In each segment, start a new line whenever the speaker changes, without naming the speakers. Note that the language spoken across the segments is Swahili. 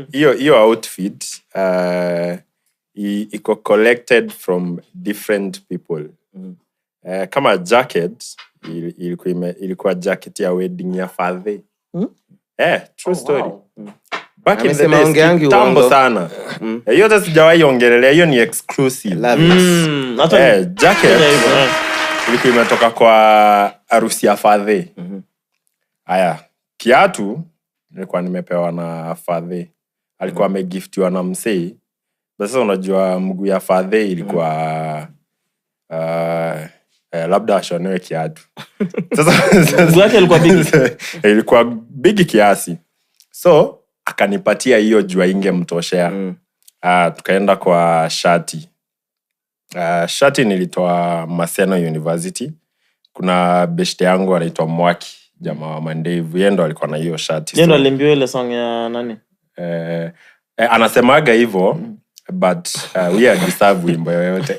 Mm. hiyo hiyo outfit uh, iko collected from different people mm. uh, kama jacket ilikuwa, ilikuwa jacket ya wedding ya fadhi mm? eh, true oh, story wow. Mm. back in the days sana mm. eh, hiyo hata sijawahi ongelelea hiyo ni exclusive
mm.
eh, jacket ilikuwa imetoka kwa harusi ya fadhi haya mm-hmm. kiatu nilikuwa nimepewa na fadhi alikuwa mm-hmm. amegiftiwa na msei sasa unajua mguu ya fadhe mm-hmm. ilikuwa uh, uh, labda ashonewe kiatu ilikuwa bigi kiasi so akanipatia hiyo jua mtoshea mm. uh, tukaenda kwa shati uh, shati nilitoa maseno university kuna beshte yangu anaitwa mwaki jamaa wa mandevu yendo alikuwa na hiyo shati
yendo so, alimbiwa ile song ya nani
eh, eh, anasemaga hivo mm. but uh, we wimbo yoyote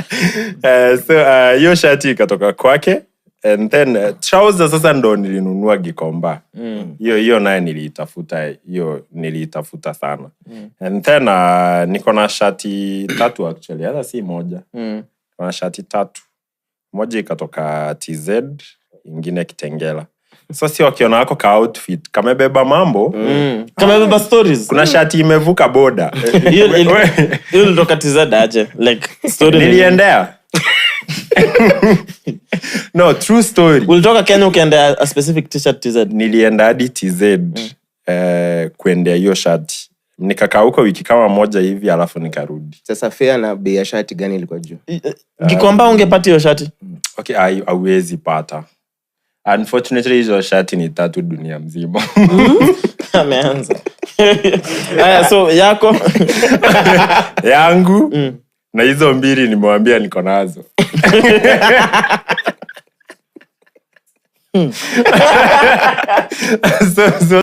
eh, so uh, hiyo uh, shati ikatoka kwake and then uh, trouser sasa ndo nilinunua gikomba mm. hiyo mm. hiyo naye niliitafuta hiyo niliitafuta sana mm. and then uh, niko na shati tatu actually hata si moja mm. na shati tatu moja ikatoka tz ingine kitengela sasi wakiona wako ka outfit kamebeba mambo
mm. mm. Ah. kamebeba stories
kuna mm. shati imevuka boda
hiyo litokatizadaje like story
niliendea no true story
ulitoka kenya ukiendea a specific t-shirt tz
nilienda hadi tz mm. Eh, kuendea hiyo shati nikakaa huko wiki kama moja hivi alafu nikarudi
sasa fea na bei ya shati gani ilikuwa juu uh, eh, gikwamba ungepata hiyo shati mm.
okay auwezi pata unfortunately hizo shati ni tatu dunia mzima mm-hmm.
ameanza haya so yako
yangu mm. na hizo mbili nimewambia niko nazo so, so,